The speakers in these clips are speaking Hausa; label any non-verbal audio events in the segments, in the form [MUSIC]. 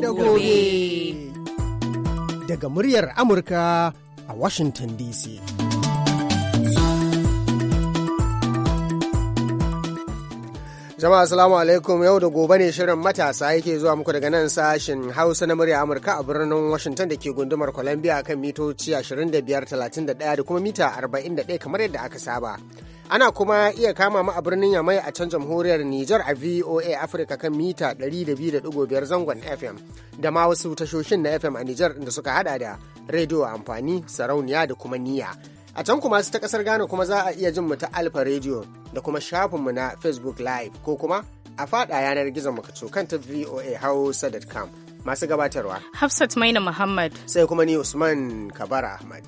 da gobe. Daga muryar Amurka a Washington DC. Jama'a salamu alaikum yau da gobe ne shirin matasa yake zuwa muku daga nan sashen Hausa na murya Amurka a birnin Washington da ke gundumar Columbia kan mitoci 25, 31 da kuma mita 41 kamar yadda aka saba. Ana kuma iya kama mu a birnin Yamai a can jamhuriyar Nijar a VOA Africa kan mita 200.5 zangon FM da ma wasu tashoshin na FM a Nijar da suka hada da rediyo amfani, sarauniya da kuma niya A can kuma su ta kasar Ghana kuma za a iya jin mu ta Alfa Radio da kuma shafinmu na Facebook Live ko kuma a fada yanar gizon mu kan ta VOA Hausa.com. Masu gabatarwa. Hafsat Maina Muhammad. Sai kuma ni Usman Kabara Ahmad.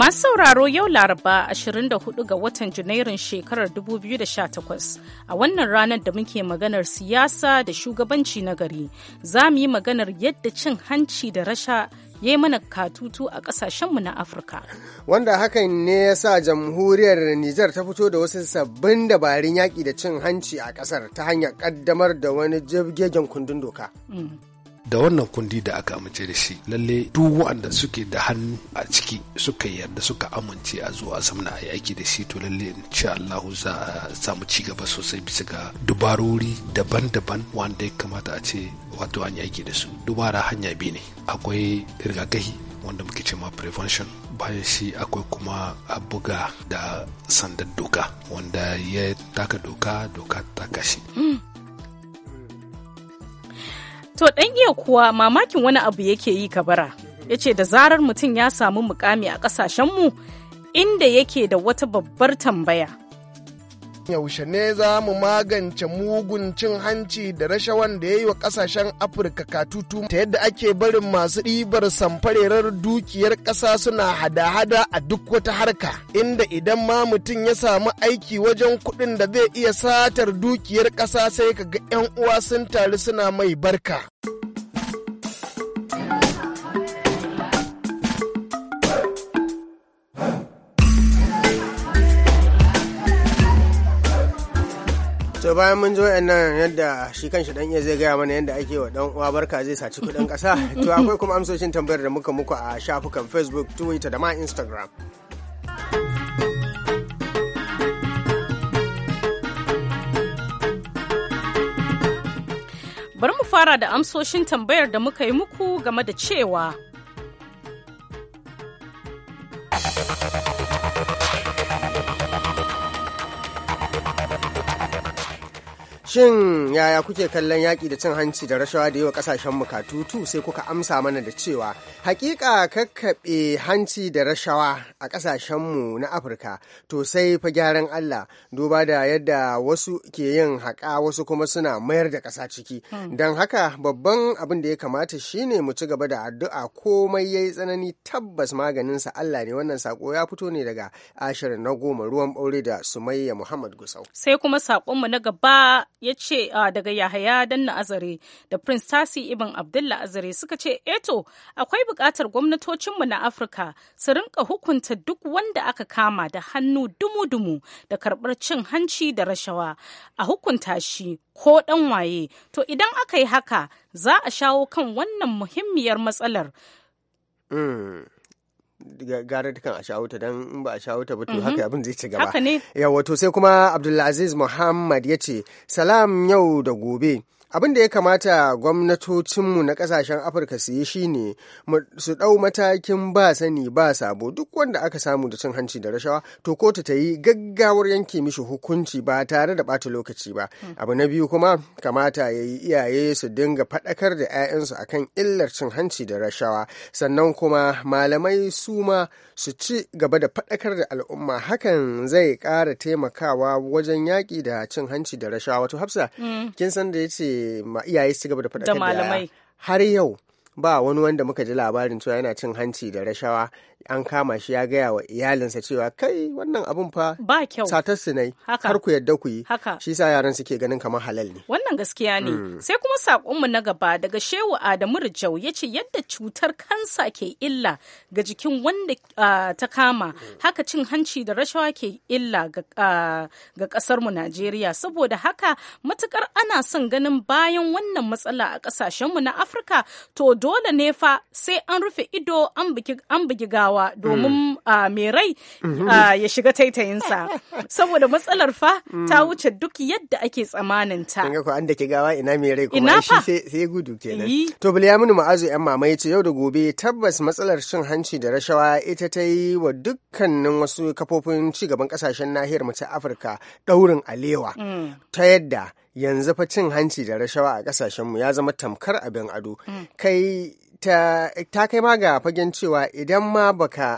Masu sauraro yau Laraba 24 ga watan janairun shekarar 2018 a wannan ranar da muke maganar siyasa da shugabanci na gari za mu yi maganar yadda cin hanci da rasha ya yi mana katutu a kasashenmu na Afirka. Wanda hakan ne ya sa jamhuriyar Nijar ta fito da wasu sabbin dabarun yaƙi da cin hanci a ƙasar ta hanyar ƙaddamar da wani jirgin kundin doka. Mm. da wannan kundi da aka amince da shi lalle duk waɗanda suke da hannu a ciki suka yarda suka amince a zuwa a zamana a yaki da shi to lalle in ci Allah za a samu ci gaba sosai bisa ga dubarori daban-daban wanda ya kamata a ce wato an yaki da su dubara hanya biyu ne akwai rigakafi wanda muke cewa prevention bayan shi akwai kuma a buga da sandar doka wanda ya taka doka doka ta kashi. Mm. To ɗan iya kuwa mamakin wani abu yake yi kabara. Ya ce da zarar mutum ya samu mukami a ƙasashenmu inda yake da wata babbar tambaya yaushe ne za mu magance mugun cin hanci da rashawan da ya yi wa kasashen afirka katutu ta yadda ake barin masu ɗibar samfarerar dukiyar ƙasa suna hada-hada a duk wata harka inda idan ma mutum ya samu aiki wajen kuɗin da zai iya satar dukiyar ƙasa sai ka ga 'yan uwa sun taru suna mai barka. to bayan mun zo yan nan yadda shi kanshi dan iya zai gaya mana yadda ake wa dan uwa barka zai saci kudin kasa [LAUGHS] to akwai kuma amsoshin tambayar da muka muku a shafukan facebook twitter da ma instagram bari mu fara da amsoshin tambayar da muka yi muku game da cewa Shin yaya kuke kallon yaƙi da cin hanci da rashawa da yi wa ƙasashen katutu sai kuka amsa mana da cewa hakika kakkaɓe hanci da rashawa a ƙasashenmu na Afirka to sai fa gyaran Allah duba da yadda wasu ke yin haƙa wasu kuma suna mayar da ƙasa ciki. Hmm. Don haka babban abin da ya kamata shine mu ci gaba da addu'a komai ya yi tsanani tabbas maganinsa Allah ne wannan sako ya fito ne daga ashirin na goma ruwan ɓaure da Sumayya Muhammad Gusau. Sai kuma saƙonmu na gaba ya ce ah, daga Yahaya Danna Azare da Prince Tasi Ibn Abdullah Azare suka ce eto eh akwai bukatar gwamnatocinmu na Afirka su rinka hukunta duk wanda aka kama da hannu dumu-dumu da karbar cin hanci da rashawa a hukunta shi ko dan waye to idan aka yi haka za a shawo kan wannan muhimmiyar matsalar. Eh. gara dukan a shawuta ta dan in ba a shawuta ba to haka mhm. abin zai ci gaba haka ne yawa to sai kuma abdulaziz muhammad ya ce salam yau da gobe abin da ya kamata gwamnatocinmu na kasashen afirka su yi shine su ɗau matakin ba sani ba sabo duk wanda aka samu da cin hanci da rashawa to kotu ta yi gaggawar yanke mishi hukunci ba tare da ɓata lokaci ba hmm. abu na biyu kuma kamata ya yi iyaye su dinga faɗakar da 'ya'yansu akan illar cin hanci da rashawa sannan kuma malamai su ma su ci gaba da faɗakar da al'umma hakan zai ƙara taimakawa wajen yaƙi da cin hanci da rashawa to hafsa hmm. kin san da ya ce ma iyaye su gaba da faɗakar da har yau ba wani wanda muka ji labarin cewa yana cin hanci da rashawa an kama shi ya gaya wa iyalinsa cewa kai wannan abun fa ba kyau satar su ne har ku yadda ku yi shi sa yaran suke ganin kamar halal ne wannan gaskiya ne hmm. sai kuma sakonmu na gaba daga shehu Adamu Rijau ya ce yadda cutar kansa ke illa ga jikin wanda ta kama haka cin hanci da rashawa ke illa ga kasar mu Najeriya saboda haka matukar ana son ganin bayan wannan matsala a kasashen mu na Afirka to dole ne fa sai an rufe ido an bugi gawa tsayawa domin mm. mai rai mm-hmm. ya shiga taitayinsa saboda matsalar fa mm. ta wuce duk yadda ake tsamaninta. ta. ga an da ke gawa ina mai rai kuma shi sai gudu kenan. To Bilyaminu Ma'azu yan mamaye ce yau da gobe tabbas matsalar cin hanci da rashawa ita ta yi wa dukkanin wasu kafofin ci gaban kasashen nahiyar mu ta Afirka daurin alewa mm. ta yadda yanzu fa cin hanci da rashawa a kasashen mu ya zama tamkar abin ado kai ta kai ma ga fagen cewa idan ma baka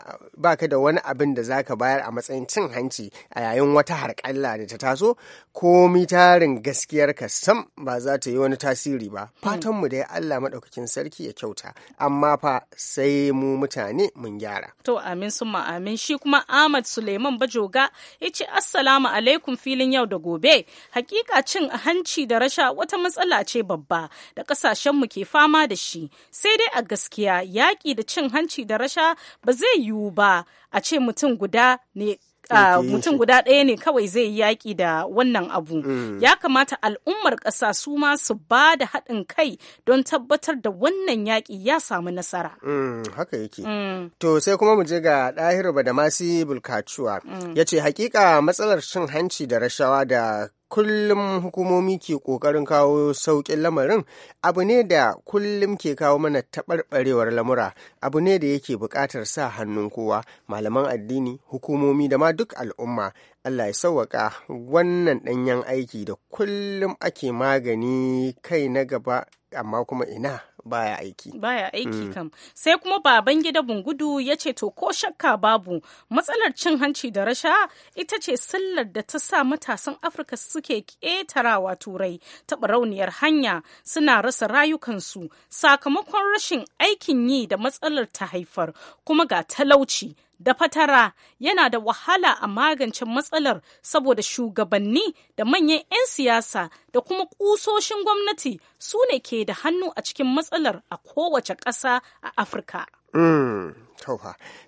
baka da wani abin da zaka bayar a matsayin cin hanci a yayin wata harƙalla da ta taso komi tarin gaskiyar ka sam ba za ta yi wani tasiri ba hmm. fatan mu dai Allah madaukakin sarki ya kyauta amma fa sai mu mutane mun gyara to amin summa amin shi kuma Ahmad Suleiman Bajoga yace assalamu alaikum filin yau da gobe hakika cin hanci da rasha wata matsala ce babba da kasashen mu ke fama da shi sai dai a gaskiya yaƙi da cin hanci da rasha ba zai yiwu ba a ce mutum guda ne ah, mutum guda ɗaya ne kawai zai yi yaƙi da wannan abu mm. ya kamata al'ummar ƙasa su ma su ba da haɗin kai don tabbatar da wannan yaƙi ya samu nasara mm, haka yake mm. to sai kuma mu je ga ɗahiru masu bulkacuwa ya ce hakika matsalar cin hanci da rashawa da kullum hukumomi ke ƙoƙarin kawo sauƙin lamarin abu ne da kullum ke kawo mana taɓarɓarewar lamura abu ne da yake buƙatar sa hannun kowa malaman addini hukumomi da ma duk al'umma Allah ya sauwaƙa wannan ɗanyen aiki da kullum ake magani kai na gaba amma kuma ina baya aiki baya aiki mm. kam sai kuma baban gida bungudu ya ce to ko shakka babu matsalar cin hanci da rasha ita ce sallar da ta sa matasan afirka suke ƙetarawa turai taɓa rauniyar hanya suna rasa rayukansu sakamakon rashin aikin yi da matsalar ta haifar kuma ga talauci da fatara yana da wahala a magance matsalar saboda shugabanni da manyan 'yan siyasa da kuma kusoshin gwamnati su ne ke da hannu a cikin matsalar a kowace ƙasa a afirka mm,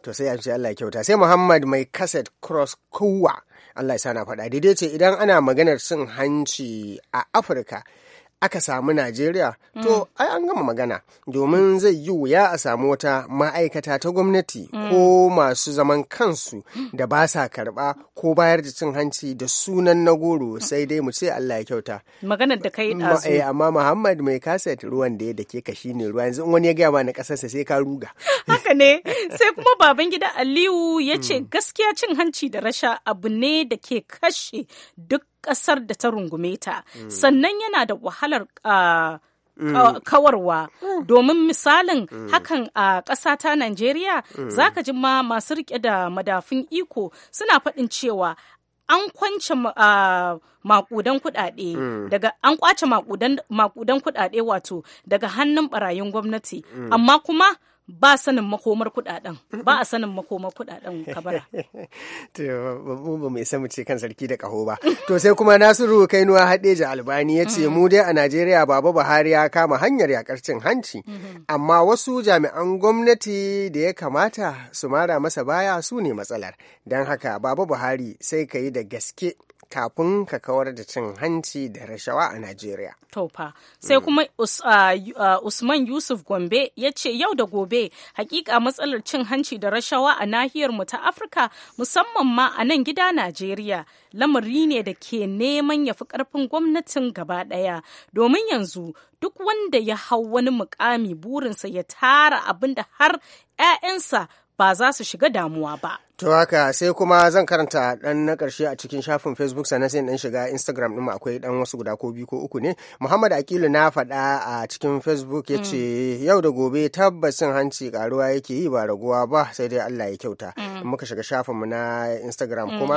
to sai an ce Allah ya kyauta sai Muhammad mai kaset cross kowa Allah ya sana faɗa daidai ce idan ana maganar cin hanci a Afirka aka samu Najeriya, mm. to ai an gama magana domin mm. zai yi wuya a samu wata ma'aikata ta gwamnati mm. ko masu zaman kansu da ba sa karɓa ko bayar da cin hanci da sunan na goro sai dai mu ce Allah ya kyauta. Maganar da kai ɗazu. Eh, amma Muhammad mai kaset ruwan da ya dake ka shine ruwa yanzu wani ya gaya ma na ƙasarsa sai ka ruga. [LAUGHS] Haka ne [LAUGHS] sai kuma baban gida Aliyu ya ce gaskiya cin hanci da rasha abu ne da ke kashe duk kasar da ta rungume ta hmm. sannan yana da wahalar ah, hmm. kawarwa hmm. domin misalin hakan a ƙasa ta Najeriya zaka ji ma masu rike da madafin iko suna faɗin cewa an kwance makudan ah, kudade daga an kwace makudan kudade wato daga hannun barayin gwamnati amma kuma ba sanin makomar kudaden ba a sanin makomar kudaden kabara [LAUGHS] to mu ba mai isa ce kan sarki da kaho ba to sai kuma Nasiru Kainuwa Hadeja Albani ya ce mm. mu dai a Najeriya baba Buhari ya kama hanyar yakar cin hanci mm-hmm. amma wasu jami'an gwamnati da ya kamata su mara masa baya su ne matsalar don haka baba Buhari sai ka yi da gaske kafin ka kawar da cin hanci da rashawa a Najeriya. Taufa. Sai kuma Usman Yusuf Gombe ya ce yau da gobe hakika matsalar cin hanci da rashawa a nahiyar mu ta Afirka musamman ma a nan gida Najeriya lamari ne da ke neman ya fi karfin gwamnatin gaba ɗaya domin yanzu duk wanda ya hau wani mukami burinsa ya tara abin da har 'ya'yansa ba za su shiga damuwa ba. To haka sai kuma zan karanta dan na karshe a cikin shafin Facebook sannan sai dan shiga Instagram din akwai dan wasu guda ko biyu ko uku ne. Muhammad Akilu na faɗa a cikin Facebook yace mm. yau da gobe tabbacin hanci karuwa yake yi ba raguwa ba sai dai Allah ya kyauta. Mm. Muka shiga shafin mu na Instagram mm, kuma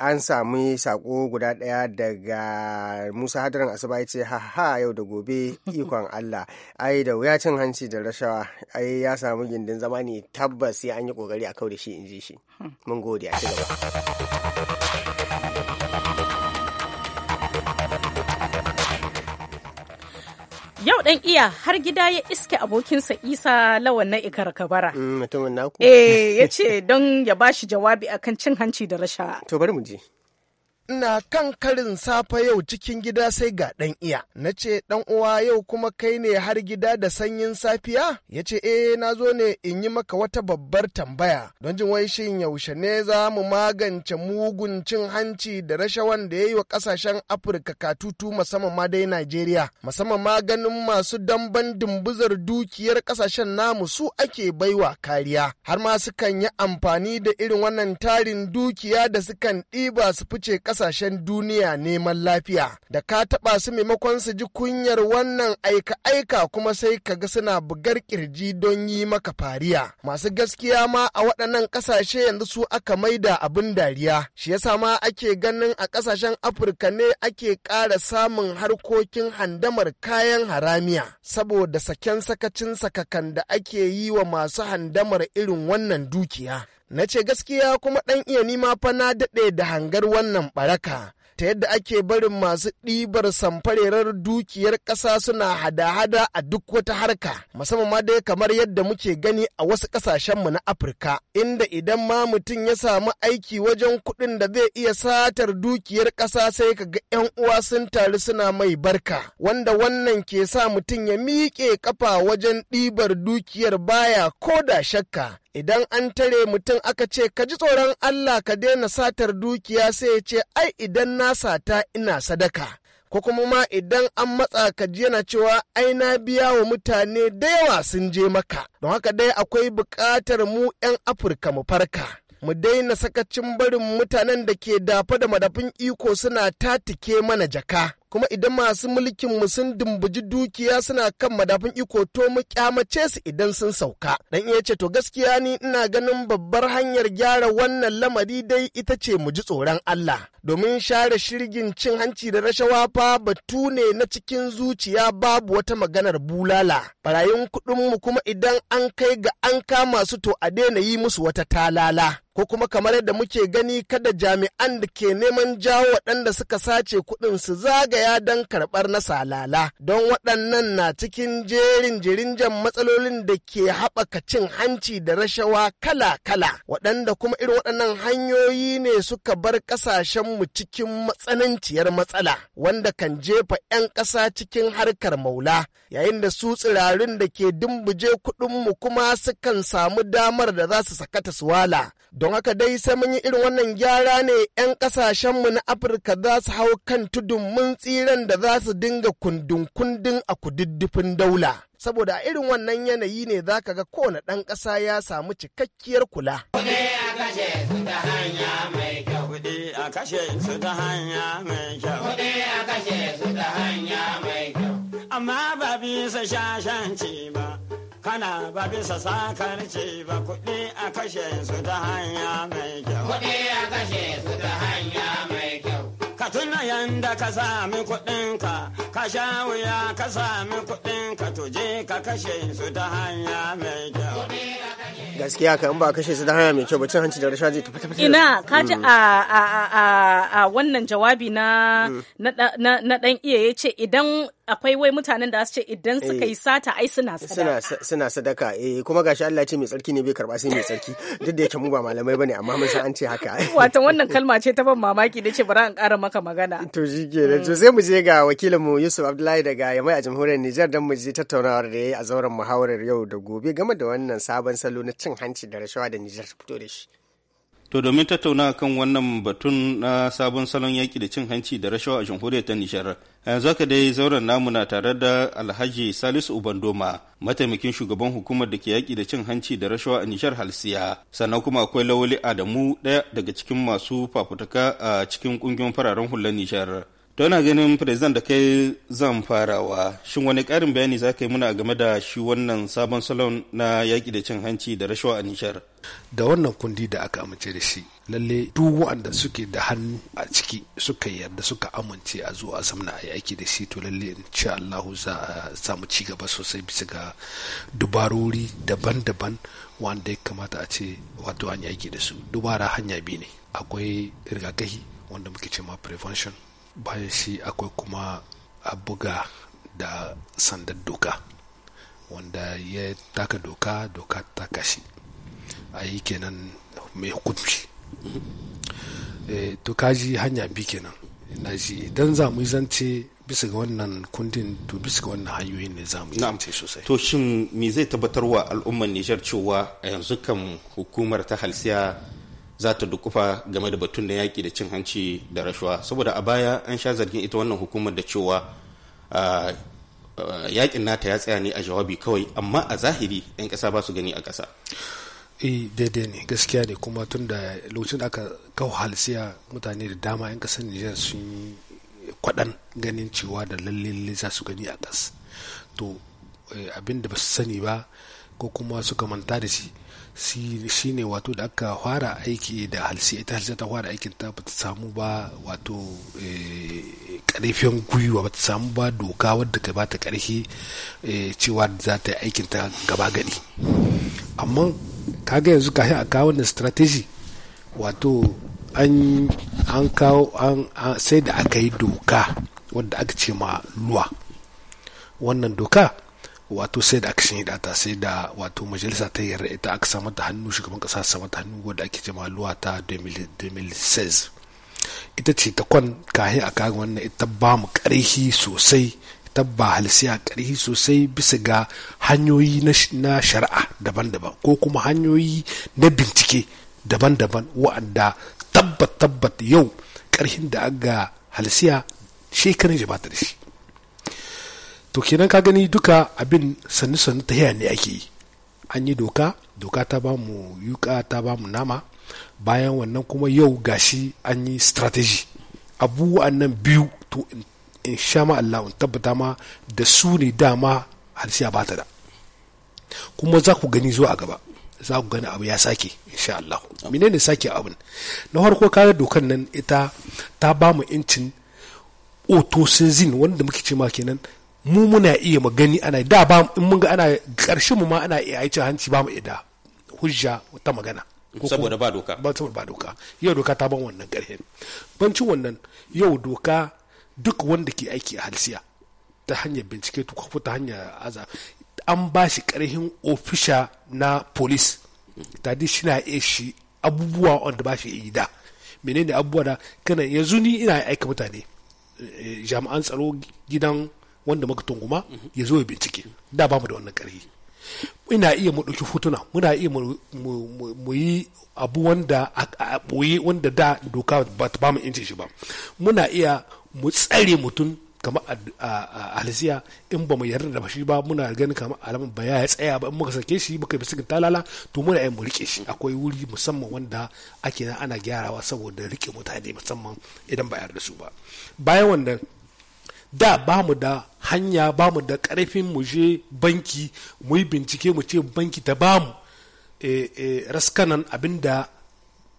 an samu sako guda ɗaya daga Musa Hadaran Asuba ya ce ha ha yau da gobe [LAUGHS] ikon Allah. Ai da wuya cin hanci da rashawa ai ya samu gindin zama ne tabbas sai an yi kokari a kau da shi in ji shi. Mun gode a Yau ɗan iya har gida ya iske abokinsa Isa lawan na ikar kabara. Mm, mutumin naku? Eh, ya ce don ya bashi jawabi akan cin hanci da rasha. To bari mu je. ina kan karin safe yau cikin gida sai ga ɗan iya. Na ce ɗan uwa yau kuma kai ne har gida da sanyin safiya? Ya ce eh na zo ne in yi maka wata babbar tambaya don jin wai shin yaushe ne za mu magance mugun cin hanci da rashawan da ya yi wa ƙasashen Afirka katutu musamman ma dai Najeriya. Musamman ma ganin masu damban dimbuzar dukiyar ƙasashen namu su ake baiwa kariya. Har ma sukan yi amfani da irin wannan tarin dukiya da sukan ɗiba su fice kasashen duniya neman lafiya da ka taɓa su maimakon su ji kunyar wannan aika-aika kuma sai ka ga suna bugar kirji don yi maka fariya masu gaskiya ma a waɗannan ƙasashe yanzu su aka maida abin dariya shi yasa ma ake ganin a ƙasashen afirka ne ake ƙara samun harkokin handamar kayan haramiya saboda saken sakacin sakakan da ake yi wa masu handamar irin wannan dukiya na ce gaskiya kuma ɗan iya nima fa na daɗe da hangar wannan ɓaraka ta yadda ake barin masu ɗibar samfarerar dukiyar ƙasa suna hada-hada a duk wata harka musamman ma dai kamar yadda muke gani a wasu ƙasashenmu na afirka inda idan ma mutum ya samu aiki wajen kuɗin da zai iya satar dukiyar ƙasa sai ka ga 'yan uwa sun taru suna mai barka wanda wannan ke sa mutum ya miƙe ƙafa wajen ɗibar dukiyar baya ko da shakka idan an tare mutum aka ce ka ji tsoron Allah ka daina satar dukiya sai ya ce ai idan na sata ina sadaka ko kuma ma idan an matsa ka ji yana cewa ai na biya wa mutane da yawa sun je maka don haka dai akwai buƙatar mu 'yan afirka mu farka mu daina sakacin barin mutanen da ke dafa da madafin iko suna tatike mana jaka kuma idan masu mulkin mu sun dumbuji dukiya suna kan madafin iko to mu kyamace su idan sun sauka dan iya ce to gaskiya ni ina ganin babbar hanyar gyara wannan lamari dai ita ce mu ji tsoron Allah domin share shirgin cin hanci da rashawa fa batu ne na cikin zuciya babu wata maganar bulala barayin kuɗin mu kuma idan an kai ga an kama su to a daina yi musu wata talala ko kuma kamar yadda muke gani kada jami'an da ke neman jawo waɗanda suka sace kuɗin su zagaya ɗaya don karɓar na salala don waɗannan na cikin jerin jirinjan matsalolin da ke haɓaka cin hanci da rashawa kala-kala waɗanda kuma irin waɗannan hanyoyi ne suka bar ƙasashenmu cikin matsananciyar matsala wanda kan jefa 'yan ƙasa cikin harkar maula yayin da su tsirarin da ke dimbuje kuɗinmu kuma sukan samu damar da za su sakata suwala. Don haka dai sai mun yi irin wannan gyara ne 'yan ƙasashenmu na Afirka za su hau kan tudun mun tsiran da za su dinga kundin-kundin a kududdufin daula. Saboda a irin wannan yanayi ne za ka ga kowane ɗan ƙasa ya samu cikakkiyar kula. Kuɗi a kashe su ta hanya mai kyau. Kuɗi a kashe su ta hanya mai kyau. amma ba bisa shashanci ba kana ba bisa sakarci ba kuɗi a kashe su ta hanya mai kyau kuɗi a kashe su ta hanya mai kyau ka tuna yanda ka sami kuɗinka ka sha wuya ka sami ka tuje ka kashe su ta hanya mai kyau gaskiya ka in ba kashe su da hanya mai kyau ba cin hanci da rashaji ta tafi tafi ina ka ji mm. a wannan jawabi na mm. na dan iya yace ce idan akwai wai mutanen da su ce idan eh. suka yi sata ai suna sadaka suna sadaka eh kuma gashi Allah ce mai tsarki ne bai karba sai mai tsarki duk da yake mu ba malamai bane amma mun san an ce haka [LAUGHS] wato wannan kalma ce ta ban mamaki da ce bari an ƙara maka magana to da to sai mu je ga wakilinmu Yusuf Abdullahi daga Yamai a jamhuriyar Nijar dan mu je tattaunawar da yayi a zauren muhawarar yau da gobe game da wannan sabon salo na cin hanci da rashawa da Nijar fito da shi To domin tattauna kan wannan batun na sabon salon yaƙi da cin hanci da rashawa a jamhuriyar ta Nishar. Yanzu haka dai zauren namu na tare da Alhaji Salisu Ubandoma, mataimakin shugaban hukumar da ke yaƙi da cin hanci da rashawa a Nishar Halsiya. Sannan kuma akwai Lawali Adamu ɗaya daga cikin masu fafutuka a cikin ƙungiyoyin fararen hular Nishar. To ina ganin president da kai zan farawa shin wani karin bayani za ka yi muna game da shi wannan sabon salon na yaƙi da cin hanci da rashawa a Nishar. Da wannan kundi da aka amince da shi lalle duk waɗanda suke da hannu a ciki suka yarda suka amince a zuwa a zamna a yaƙi da shi to lalle in sha Allahu za a samu ci gaba sosai bisa ga dubarori daban-daban wanda ya kamata a ce wato an yaƙi da su dubara hanya biyu ne akwai rigakafi wanda muke ce ma prevention bayan shi akwai kuma a buga da sandar doka wanda ya taka doka doka ta kashi a yi kenan mai hukunci eh, to kaji hanya bi kenan na ji idan za mu zance bisa ga wannan kundin to bisa ga wannan hanyoyin ne za mu yi zance sosai to shin me zai tabbatar wa al'ummar nijar cewa a yanzu kan hukumar ta halsiya za ta dukufa game da batun da yaƙi da cin hanci da rashuwa saboda a baya an sha zargin ita wannan hukumar da cewa yaƙin nata ya tsaya ne a jawabi kawai amma a zahiri 'yan ƙasa ba su gani a ƙasa eh, daidai ne gaskiya ne kuma tun da lokacin da aka kawo halsiya mutane da dama 'yan ƙasar nijar sun yi kwaɗan ganin cewa da lalle za su gani a ƙas to eh, abin da ba su sani ba ko kuma suka manta da shi shi ne wato da aka fara aiki da halsi ita halsi ta fara aikin ta bata samu ba wato karfin eh, gwiwa bata samu ba doka wadda ta bata karfi eh, cewa za ta yi aikin ta gaba gadi amma kaga yanzu kafin a kawo wannan strategy wato an kawo an sai da aka yi doka wadda aka ce ma luwa wannan doka wato sai da aka shanye data sai da wato majalisa ta yarda ita aka samu da hannu shugaban kasa samu da hannu wadda ake jama luwa ta 2016 ita ce ta kwan kahi a kayan wannan ita ba mu karhi sosai ita ba a karhi sosai bisa ga hanyoyi na shari'a daban-daban ko kuma hanyoyi na bincike daban-daban wa'anda tabbat tabbat yau karhin da aga halsiya shekarun jima'a da shi to kenan ka gani duka abin sannu sannu ta ne ake yi an yi doka doka ta ba mu yuka ta ba mu nama bayan wannan kuma yau gashi an yi strategy abu nan biyu to in sha ma Allah in tabbata ma da su ne dama halsiya ba ta da kuma za ku gani zuwa a gaba za ku gani abu ya sake in sha Allah menene sake abin na farko kare dokan nan ita ta ba mu incin otosin wanda muke ce ma kenan mu muna iya mu gani ana da ba in mun ga ana karshen mu ma ana iya aice hanci ba mu ida hujja ta magana saboda ba doka ba saboda ba doka yau doka ta ban wannan karhen bancin wannan yau doka duk wanda ke aiki a halsiya ta hanyar bincike ko ta hanyar aza an ba shi karhin ofisha na police tadi shi na iya shi abubuwa wanda ba shi yi da menene abubuwa da kana yanzu ni ina aika mutane eh, jami'an tsaro gidan wanda muka tunguma ya zo ya bincike da ba mu da wannan ƙarfi ina iya mu ɗauki hotuna muna iya mu yi abu wanda a ɓoye wanda da doka ba ta bamu inci shi ba muna iya mu tsare mutum kama a in ba mu yarda da shi ba muna ganin kama alamun ba ya tsaya ba in muka sake shi muka bi sigin talala to muna iya mu rike shi akwai wuri musamman wanda ake ana gyarawa saboda rike mutane musamman idan ba yarda su ba bayan wannan da ba mu da hanya ba mu da karfin mu je banki mu yi bincike mu ce banki ta ba mu eh, eh, raskanan abin da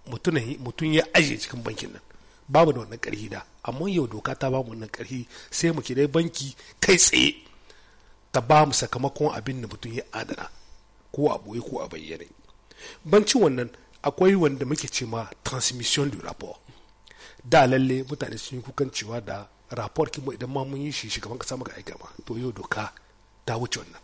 mutum ya ajiye cikin bankin nan ba mu da wannan karfi da amma yau doka ta ba mu wannan karfi sai mu kira banki kai tsaye ta ba mu sakamakon abin da mutum ya adana ko a boye ko a bayyane bancin wannan akwai wanda muke ce ma transmission du rapport da lalle mutane sun yi kukan cewa da ki kin idan ma mun yi shi shugaban kasa muka aika ma to yau doka ta wuce wannan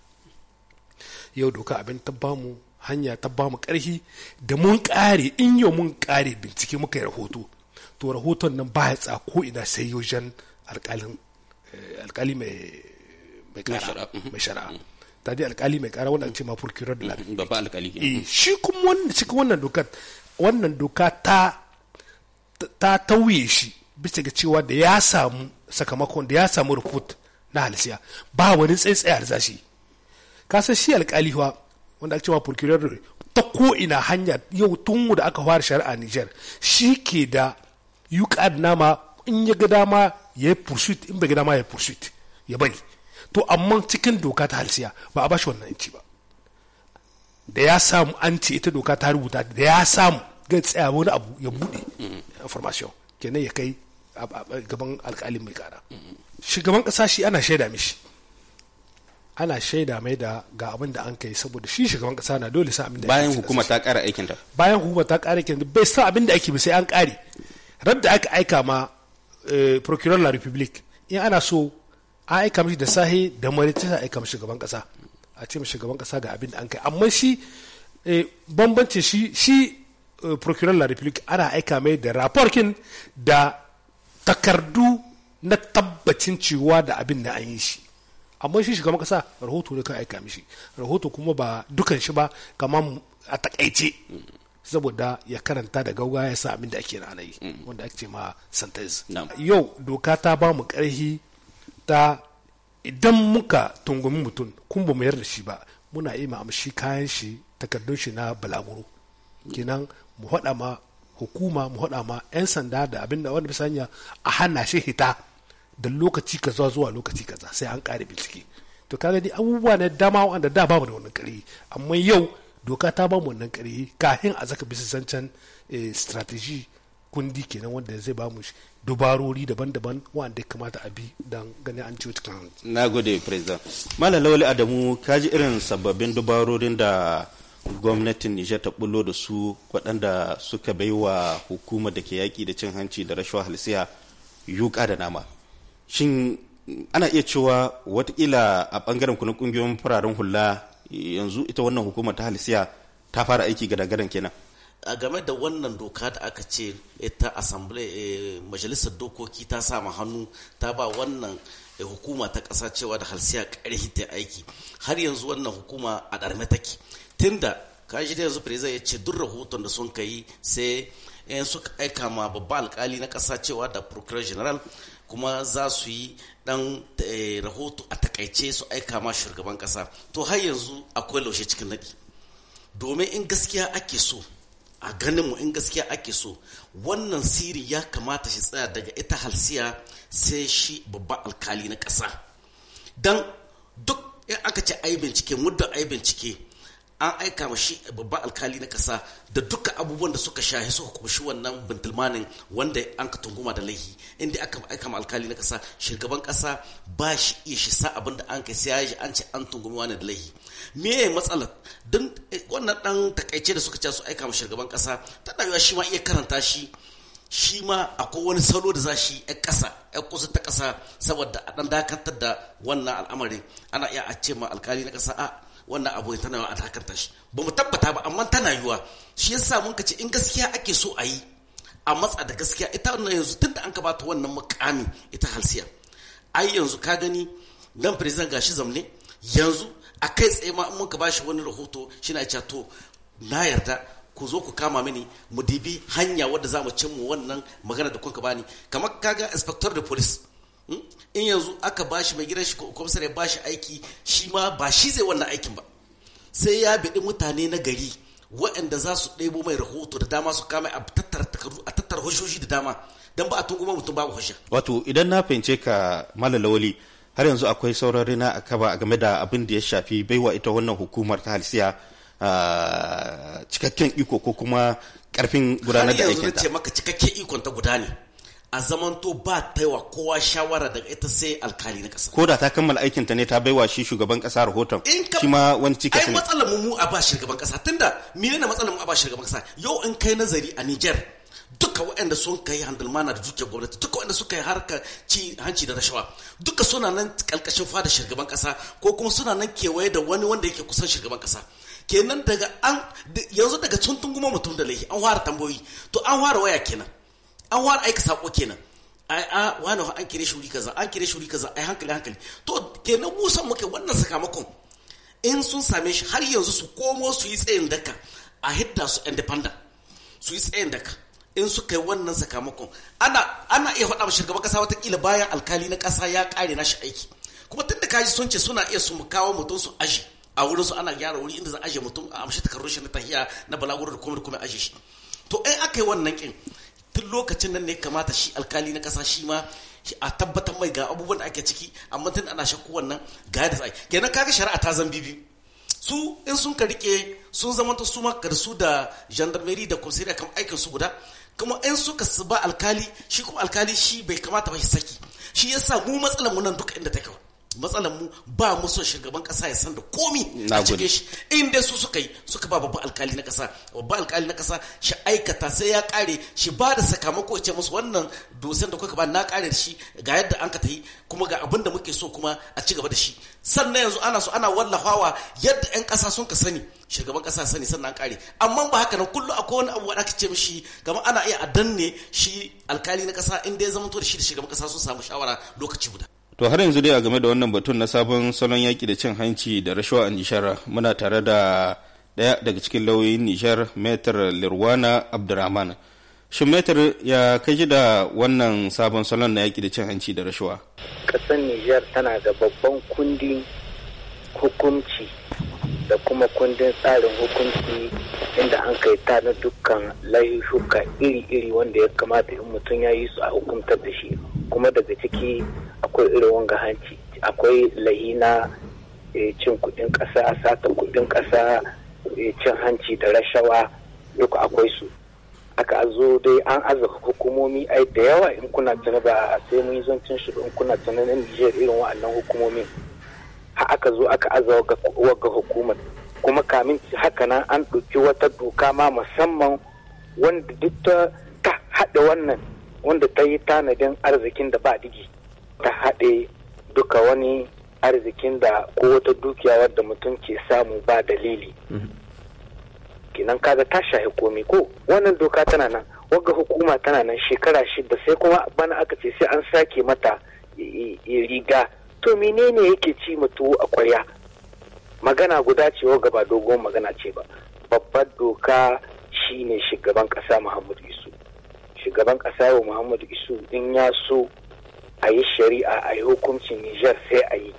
yau doka abin ta mu hanya ta mu karfi da mun kare in yau mun kare bincike muka yi rahoto to rahoton nan ba ya tsa ko ina sai jan alkalin eh, alkali mai mai kara mai shari'a mm-hmm. ta dai alkali mai kara wanda ce ma procureur de la mm-hmm. babba alkali eh shi kuma wannan cikin wannan dokar wannan doka ta ta tauye shi bisa ga cewa da ya samu sakamakon da ya samu report na halisiya ba wani da zashi kasa shi alkali wa wanda ake cewa procurator ta ko ina hanya yau tun da aka fara shari'a Niger shi ke da yuƙar nama in ya ga dama ya yi in bai ga dama ya pursuit ya bari to amma cikin doka ta halisiya ba a ba shi wannan yanci ba da ya samu an ce ita doka ta rubuta da ya samu ga tsaya wani abu ya buɗe mm. information kenan ya kai gaban alkalin mai kara shugaban kasa shi ana shaida mishi ana shaida mai da ga abin da an kai saboda shi shugaban kasa na dole sa abin da bayan hukuma ta kara aikin ta bayan hukuma ta kara aikin bai sa abin da ake sai an kare da aka aika ma eh, procureur la republique in ana so an aika mishi da sahi da marita aika mishi shugaban kasa a ce mishi shugaban kasa ga abin da an kai amma shi eh, bambancin shi shi eh, procureur la republique ana aika mai da raporkin da takardu na tabbacin cewa da abin da an yi shi amma shi shugaban kasa rahoto ne kan aika mishi rahoto kuma ba dukan shi ba kamar a takaice saboda ya karanta da gauga ya sa abin da ake na yi wanda ake ma sentence yau doka ta ba mu karhi ta idan muka tungumi mutum kun ba mu yarda shi ba muna iya amshi kayan shi takardun shi na balaguro kenan mu faɗa ma hukuma mu haɗa ma 'yan sanda da abin da wanda bisa a hana shi hita da lokaci kaza zuwa lokaci kaza sai an ƙare bincike to ka gani abubuwa na dama wanda da bamu da wannan ƙarfi amma yau doka ta bamu wannan ƙarfi kafin a zaka bisa zancen eh, strategy kundi kenan wanda zai bamu mu dubarori daban-daban wanda kamata a bi don ganin an ciwo tukan na gode president malam lawali adamu kaji irin sababbin dubarorin da gwamnatin Nijar ta bullo da su waɗanda suka bai wa hukumar da ke yaƙi da cin hanci da rashawa halsiya yuƙa da nama. Shin ana iya cewa watakila a ɓangaren kuna ƙungiyoyin fararen hula yanzu ita wannan hukumar ta halsiya ta fara aiki gadagadan gadan kenan. a game da wannan doka da aka ce ita assembly eh, majalisar dokoki ta sama hannu ta ba wannan Eh, hukuma ta ƙasa cewa da halsiya ƙarfi ta aiki har yanzu wannan hukuma a ɗarme take tunda shi da yanzu firiza ya ce duk rahoton da sun kai sai yan suka aika ma babba alkali na ƙasa cewa da procureur general kuma za su yi dan eh, rahoto a takaice su aika ma shugaban ƙasa to har yanzu akwai laushe cikin naɗi domin in gaskiya ake so a ganin mu in gaskiya ake so wannan siri ya kamata shi tsaya daga ita halsiya sai shi babban alkali na ƙasa don duk in aka ce ai bincike muddin ai bincike an aika ma shi babban alkali na kasa da duka abubuwan da suka shahi suka shi wannan bintulmanin wanda an ka tunguma da laihi inda aka aika ma alkali na kasa shugaban kasa ba shi iya shi sa abin da an kai sai ya an ce an tungumi wani da laihi me ya matsala don eh, wannan dan takaice da suka ce su aika ma shugaban kasa ta dawo shi ma iya karanta shi shi ma akwai wani salo da za shi yan ƙasa yan kusa ta kasa saboda a dan dakatar da wannan al'amarin ana iya a ce ma alkali na kasa a wannan abu tana yawa a takarta shi ba mu tabbata ba amma tana yiwa shi yasa mun ka ce in gaskiya ake so a yi a matsa da gaskiya ita wannan yanzu tun da an ka bata wannan mukami ita halsiya ai yanzu ka gani dan president gashi zamne yanzu a kai tsaye ma in mun ka bashi wani rahoto shi na cewa to na yarda ku zo ku kama mini mu dibi hanya wadda za mu cimma wannan magana da kuka bani kamar kaga inspector da police Hmm? in yanzu aka bashi mai gidan shi kwamsar ya ba shi aiki shi ma ba shi zai wannan aikin ba sai ya biɗi mutane na gari waɗanda za su ɗebo mai rahoto da dama su kama a tattara takardu a tattara hoshoshi da dama don ba a tunguma mutum babu hoshin. wato idan na fahimce ka malalawali har yanzu akwai sauran rina a kaba game da abin da ya shafi baiwa ita wannan hukumar ta halisiya ah, cikakken iko ko kuma karfin gudanar da aikinta. har yanzu ce maka cikakken ikon ta guda ne. a zamanto ba ta wa kowa shawara daga ita sai alkali na kasa. Koda ta kammala aikin ta ne ta baiwa shi shugaban kasa rahoton. Shi ma wani cikin. ne. Ai matsalar mu mu a ba shugaban kasa tunda mene ne matsalar mu a ba shugaban kasa yau in kai nazari a Niger duka waɗanda sun kai mana da dukiyar gwamnati duka waɗanda suka yi harka ci hanci da rashawa duka suna nan kalkashin fada shugaban kasa ko kuma suna nan kewaye da wani wanda yake kusan shugaban kasa. kenan daga an yanzu daga tuntun goma mutum da laifi an fara tambayoyi to an fara waya kenan an wara aika sako kenan ai a wani an kire shi wuri kaza an kire shi wuri kaza ai hankali hankali to kenan mu san muke wannan sakamakon in sun same shi har yanzu su komo su yi tsayin daka a hidda su independent su yi tsayin daka in su kai wannan sakamakon ana ana iya faɗa mashi gaba kasa kila bayan alkali na kasa ya ƙare nashi aiki kuma tun da kaji sun ce suna iya su kawo mutum su aji a wurin su ana gyara wuri inda za a aje mutum a amshi takarrushin shi na tahiya na balagurar da kuma da kuma aje shi to ai aka yi wannan kin duk lokacin nan ne kamata shi alkali na kasa shi ma a tabbatar mai ga abubuwan da ake ciki amma tun ana shakku wannan ga yadda sai kenan kaga shari'a ta zan bibi su in sun ka rike sun zamanta su maka su da gendarmerie da komisariya kamar aikin su guda kuma in suka su ba alkali shi kuma alkali shi bai kamata ba shi saki shi yasa mu matsalar mu nan duka inda ta kawai matsalan mu ba mu son shugaban kasa ya san da komi a cikin shi in su suka yi suka ba babban alkali na kasa babban alkali na kasa shi aikata sai ya kare shi ba da sakamako ce musu wannan dosen da kuka ba na kare shi ga yadda an ka yi kuma ga abin da muke so kuma a ci gaba da shi sannan yanzu ana so ana wallafawa yadda yan kasa sun ka sani shugaban kasa sani sannan kare amma ba haka na kullu akwai wani abu da aka ce mishi kamar ana iya a danne shi alkali na kasa inda ya zama to da shi da shugaban kasa sun samu shawara lokaci guda To har yanzu dai a game da wannan batun na sabon salon yaƙi da cin hanci da rashawa a Nishar muna tare da ɗaya daga cikin lauyoyin Nishar Metar Lirwana Abdurrahman. Shin Metar ya kashi da wannan sabon salon na yaƙi da cin hanci da rashawa? Ƙasar Nijar tana da babban kundin hukunci da kuma kundin tsarin hukunci inda an kai ta na dukkan layuka iri-iri wanda ya kamata in mutum ya yi su a hukuntar da shi kuma daga ciki akwai irin wanga hanci akwai lahina eh, cin kudin kasa sata kudin kasa eh, cin hanci da rashawa duka akwai su aka zo dai an arzika hukumomi ai da yawa in kuna tana ba sai mun yi zancen shi in kuna tana na Nijar irin wa'annan hukumomin har aka zo aka aza ga hukumar kuma kamin haka nan an ɗauki wata doka ma musamman wanda duk ta haɗe wannan wanda ta yi tanadin arzikin da ba digi ta haɗe duka wani arzikin da ko wata dukiya wadda mutum ke samu ba dalili kinan kaga ta shahi komi ko wannan doka tana nan waga hukuma tana nan shekara shida sai kuma bana aka ce sai an sake mata riga to menene yake ci tuwo a kwarya magana guda ce wa gaba dogon magana ce ba babbar doka shine shugaban kasa muhammadu isu shugaban kasa yau muhammadu isu in ya so a yi shari'a a yi hukuncin nijar sai a yi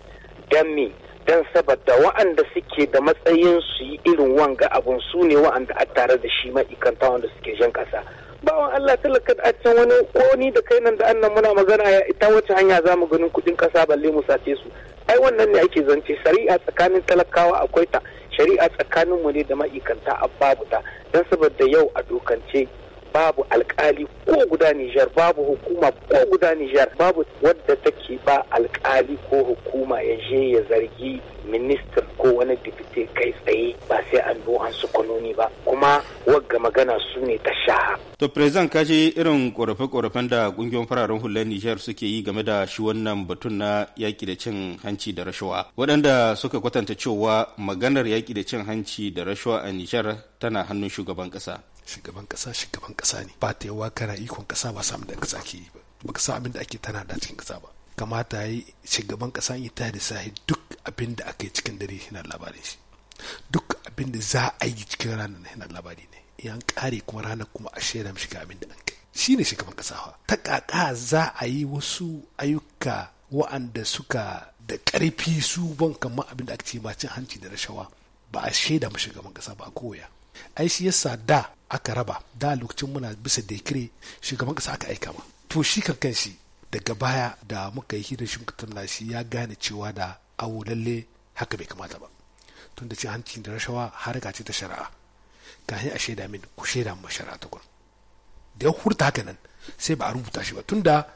don me don saboda wa'anda suke da matsayin su yi irin wanga abun su ne wa'anda a tare da shi ma'ikanta wanda suke jan kasa bawan Allah talaka a can wani koni da kai nan da annan muna magana ya ita wace hanya za mu ganin kuɗin ƙasa balle mu sace su ai wannan ne ake zance shari'a tsakanin talakawa akwai ta shari'a tsakanin mu ne da ma'aikanta a babu ta don saboda yau a dokance babu alkali ko guda Nijar babu hukuma ko guda Nijar babu wadda take ba alkali ko hukuma ya je ya zargi ministan ko wani dipite kai tsaye ba sai an zo an kwanoni ba kuma wagga magana su ne ta shaha. To president ka irin korafe-korafen da kungiyoyin fararen hular Nijar suke yi game da shi wannan batun na yaƙi da cin hanci da rashawa. Waɗanda suka kwatanta cewa maganar yaƙi da cin hanci da rashawa a Nijar tana hannun shugaban ƙasa. shugaban kasa shugaban kasa ne ba ta yawa kana ikon kasa ba samun da kasa ke yi ba Ba sa abin da ake tana da cikin kasa ba kamata yi shugaban kasa yi ta da sahi duk abin da aka yi cikin dare yana labarin shi duk abin da za a yi cikin ranar yana labari ne yan kare kuma ranar kuma a shaida mishi ga abin da an kai shi ne shugaban kasa ta kaka za a yi wasu ayyuka wa'anda suka da ƙarfi su ban kama abin da aka ce ba cin hanci da rashawa ba a shaida mu shugaban kasa ba a koya ai shi yasa da aka raba da lokacin muna bisa dekire shugaban kasa aka aika ma to shi kan daga baya da muka yi hidin shugaban muka shi ya gane cewa da awo lalle haka bai kamata ba tun da ce hanci da rashawa har ce ta shari'a kafin a shaida min ku shaida ma shari'a ta kun da ya hurta haka nan sai ba a rubuta shi ba tun da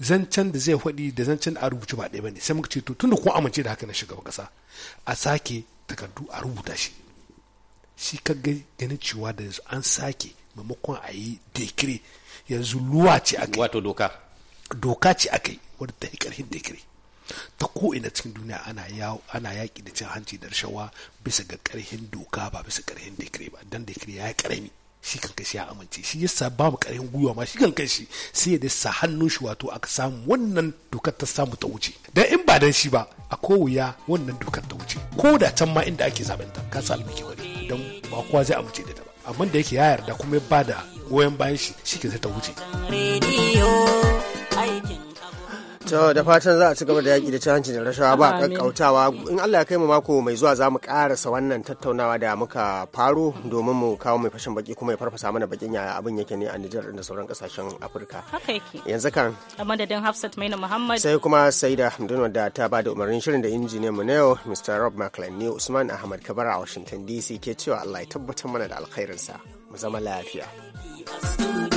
zancen da zai faɗi da zancen a rubuci ba ɗaya ba ne sai muka ce to tun da kun amince da haka na shugaban kasa a sake takardu a rubuta shi shi ka ganin cewa da yanzu an sake maimakon a yi dekire yanzu luwa ce aka wato doka doka ce aka yi wadda ta yi karhin dekire ta ko ina cikin duniya ana yaƙi da cin hanci da rashawa bisa ga karhin doka ba bisa karhin dekire ba dan dekire ya yi karami shi kan kashi ya amince shi sa ba mu karhin gwiwa ma shi kan kashi sai ya dasa hannun shi wato aka samu wannan dokar ta samu ta wuce dan in ba dan shi ba a kowuya wannan dokar ta wuce ko da can ma inda ake zaɓen ta ka sa almiki don ba kowa zai amince da ta ba amma da yake ya yarda kuma ya da goyon bayan shi shi ke ta wuce. To da fatan za a ci gaba da yaƙi da ci hanci da rashawa ba kakkautawa in Allah ya kai mu mako mai zuwa za mu karasa wannan tattaunawa da muka faro domin mu kawo mai fashin baki kuma ya farfasa mana bakin yaya abin yake ne a Nijar da sauran kasashen Afirka. Yanzu kan. A Hafsat Maina Muhammad. Sai kuma Saida Hamdun da ta ba da umarnin shirin da injiniyan mu na yau Mr. Rob McLean ne Usman Ahmad kabar a Washington DC ke cewa Allah ya tabbatar mana da alkhairinsa. Mu zama lafiya.